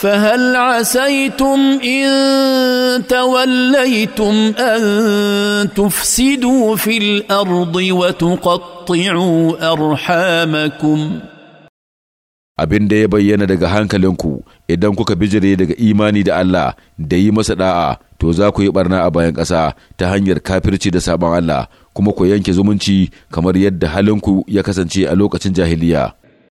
فهل عسيتم ان توليتم ان تفسدوا في الارض وتقطعوا ارحامكم abin da ya bayyana daga hankalinku idan kuka bijire daga imani da Allah da yi masa da'a to za ku yi barna a bayan ƙasa ta hanyar kafirci da sabon Allah kuma ku yanke zumunci kamar yadda halinku ya kasance a lokacin jahiliya